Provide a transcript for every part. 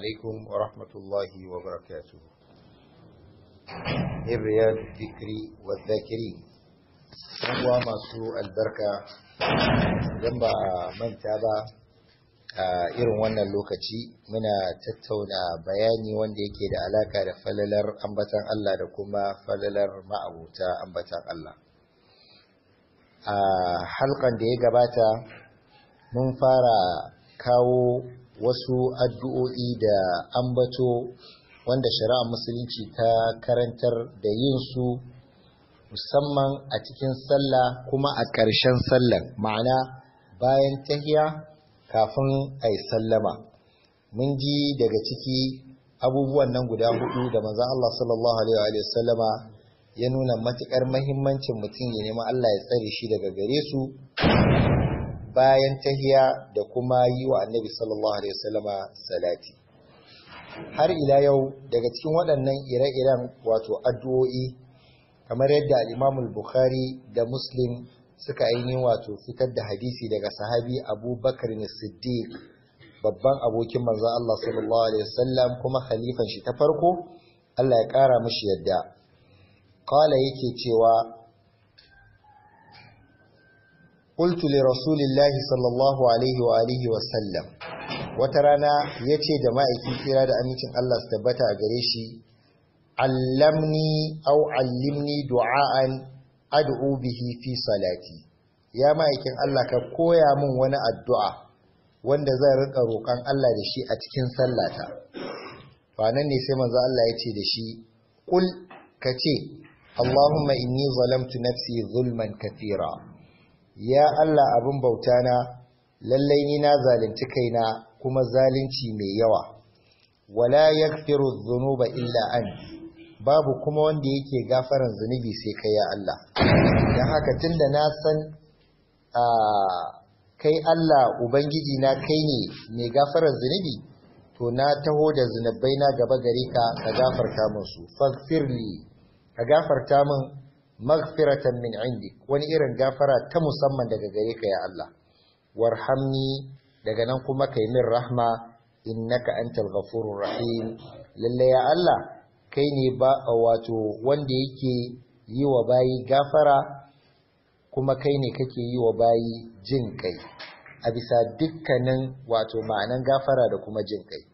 عليكم ورحمة الله وبركاته الرياض الذكري والذاكرين هو masu albarka don ba manta ba a irin wannan lokaci muna tattauna bayani wanda yake da alaka da falalar ambatan Allah da kuma falalar ma'abuta ambatan Allah a halkan da ya gabata mun fara kawo wasu addu'o'i da ambato wanda shari'a musulunci ta karantar da yin su musamman a cikin sallah kuma a ƙarshen sallah, ma'ana bayan tahiya kafin a yi sallama mun ji daga ciki abubuwan nan guda hudu da manzan Allah sallallahu alaihi wa sallama ya nuna matuƙar mahimmancin mutum ya nemi Allah ya tsare shi daga gare su bayan tahiya da kuma yi wa annabi sallallahu alaihi wasallama salati har ila yau daga cikin waɗannan ire-iren wato addu'o'i kamar yadda al-Imamul Bukhari da Muslim suka aini wato fitar da hadisi daga sahabi Abu Bakr Siddiq babban abokin manzo Allah sallallahu alaihi wasallam kuma khalifan shi ta farko Allah ya ƙara mishi yadda qala yake cewa qultu li rasulillahi sallallahu alaihi wa alihi wa sallam wata rana yace da ma'aikin tsira da amincin Allah ta tabbata a gare shi allamni aw allimni du'aan ad'u bihi fi salati ya ma'aikin Allah ka koya min wani addu'a wanda zan rika roƙon Allah da shi a cikin sallata to nan ne sai manzo Allah ya ce da shi kul kace Allahumma inni zalamtu nafsi zulman kathira ya Allah abin bauta na lallai ni na zalunci kaina kuma zalunci mai yawa wala yaghfiru dhunuba illa an babu kuma wanda yake gafaran zunubi sai kai ya Allah dan haka tunda na san a kai Allah ubangiji na kai ne mai gafaran zunubi to na taho da zunubai na gaba gare ka ka gafarta musu faghfirli ka gafarta min maghfiratan min indik wani irin gafara ta musamman daga gare ka ya Allah warhamni daga nan kuma kai min rahma innaka antal ghafurur rahim lalle ya Allah kai ne ba wato wanda yake yi wa bayi gafara kuma kai ne kake yi wa bayi jin kai a bisa dukkanin wato ma'anan gafara da kuma jin kai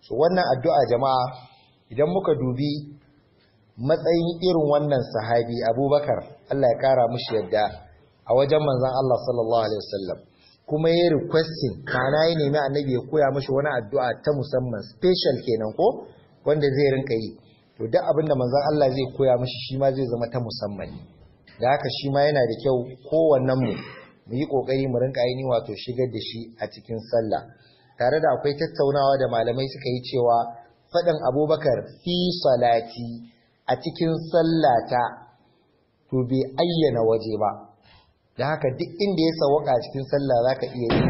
so wannan addu'a jama'a idan muka dubi matsayin irin wannan sahabi abubakar Allah ya kara mushi yadda a wajen manzan Allah sallallahu alaihi wasallam kuma ya requesting kana ya nemi annabi ya koya mashi wani addu'a ta musamman special kenan ko wanda zai rinka yi to duk abin da manzan Allah zai koya mushi shi ma zai zama ta musamman da haka shi ma yana da kyau kowannen mu mu yi kokari mu rinka aini wato shigar da shi a cikin sallah tare da akwai tattaunawa da malamai suka yi cewa faɗin abubakar fi salati a cikin sallata to bai ayyana waje ba da haka duk inda ya sawaka a cikin sallah za ka iya yi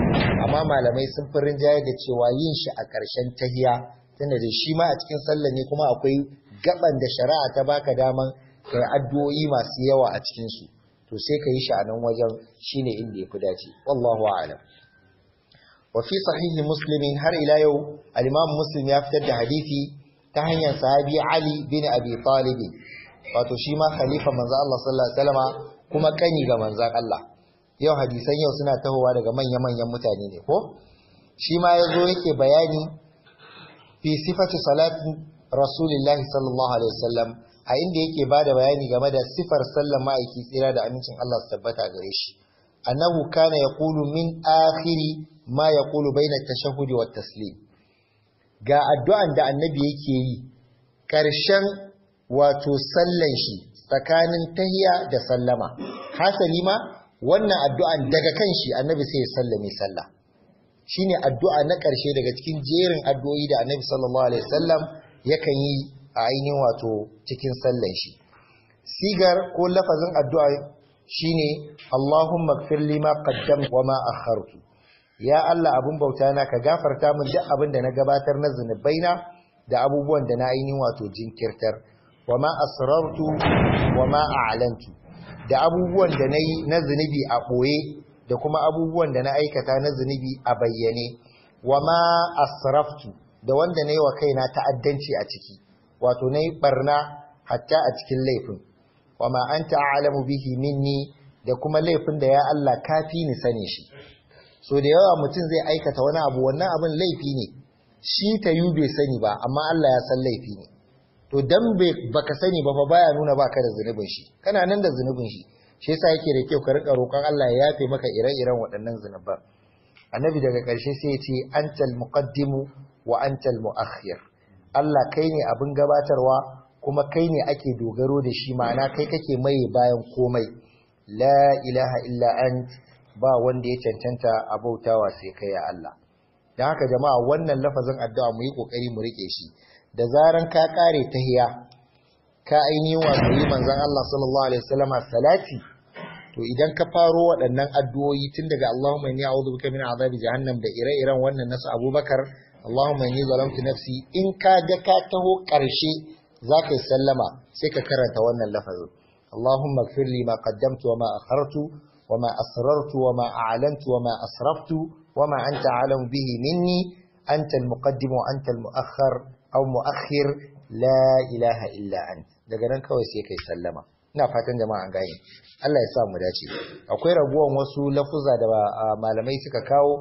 amma malamai sun fi rinjaye da cewa yin shi a ƙarshen tahiya tana da shi ma a cikin sallah ne kuma akwai gaban da shari'a ta baka daman kai addu'o'i masu yawa a cikin su to sai ka yi shi a nan wajen shine inda ya fi dace wallahu a'lam wa fi sahihi har ila yau al-imam muslim ya fitar da hadisi ta hanyar sahabi Ali bin Abi Talib wato shi ma khalifa manzo Allah sallallahu alaihi wasallam kuma kani ga manzon Allah yau hadisan yau suna tahowa daga manya-manyan mutane ne ko shi ma yazo yake bayani fi sifatu salati rasulillahi sallallahu alaihi wasallam a inda yake bada bayani game da sifar sallar ma'aiki tsira da amincin Allah su tabbata gare shi annahu kana yaqulu min akhiri ma yaqulu baina at-tashahhud wa at-taslim ga addu'an da annabi yake yi ƙarshen wato sallan shi tsakanin tahiya da sallama hasali ma wannan addu'an daga kan shi annabi sai ya sallame sallah ne addu'a na ƙarshe daga cikin jerin addu'o'i da annabi sallallahu alaihi wasallam yakan yi a ainihin wato cikin sallan shi sigar ko lafazin addu'a shi ne Allahumma ighfir lima qaddamtu wa ma akhartu ya Allah abin bauta na ka gafarta min duk abin da na gabatar na na, da abubuwan da na ainihin wato jinkirtar wa ma asrartu wa ma a'lantu da abubuwan da nayi na zunubi a boye da kuma abubuwan da na aikata na zunubi a bayyane wa ma asraftu da wanda nayi wa kaina ta'addanci a ciki wato nayi barna hatta a cikin laifin wa ma anta a'lamu bihi minni da kuma laifin da ya Allah kafi ni sani shi so da yawa mutum zai aikata wani abu wannan abin laifi ne shi ta yi bai sani ba amma Allah ya san laifi ne to dan baka sani ba fa baya nuna baka da zunubin shi kana nan da zunubin shi shi yasa yake da kyau ka rika roƙon Allah ya yafe maka ire-iren waɗannan zunuban annabi daga ƙarshe sai ya ce antal muqaddimu wa antal muakhir Allah kai ne abin gabatarwa kuma kai ne ake dogaro da shi ma'ana kai kake mai bayan komai la ilaha illa ba wanda ya cancanta a bautawa sai kai ya Allah dan haka jama'a wannan lafazin addu'a mu yi kokari mu rike shi da zaran ka kare tahiya ka ainihin wato yi manzon Allah sallallahu alaihi wasallama salati to idan ka faro waɗannan addu'o'i tun daga Allahumma inni a'udhu bika min azabi jahannam da ire-iren wannan nasu Abubakar Allahumma inni zalamtu nafsi in ka ga ka taho ƙarshe za yi sallama sai ka karanta wannan lafazin Allahumma ighfir li ma qaddamtu wa ma akhartu وما أسررت وما أعلنت وما أسرفت وما أنت أعلم به مني أنت المقدم وأنت المؤخر أو مؤخر لا إله إلا أنت daga nan kawai sai kai sallama ina fatan jama'a an gane Allah ya sa mu dace akwai rabuwan wasu lafuza da malamai suka kawo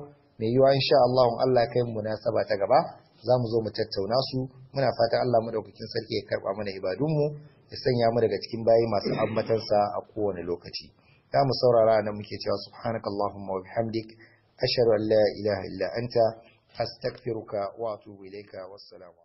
mai yiwa insha Allah Allah kai mu munasaba ta gaba za mu zo mu tattauna su muna fatan Allah madaukakin sarki ya karba mana ibadunmu ya sanya mu daga cikin bayi masu ambatansa a kowane lokaci za mu saurara nan muke cewa subhanakallahumma wa bihamdik ashhadu an la ilaha illa anta astaghfiruka wa atubu ilayka wassalamu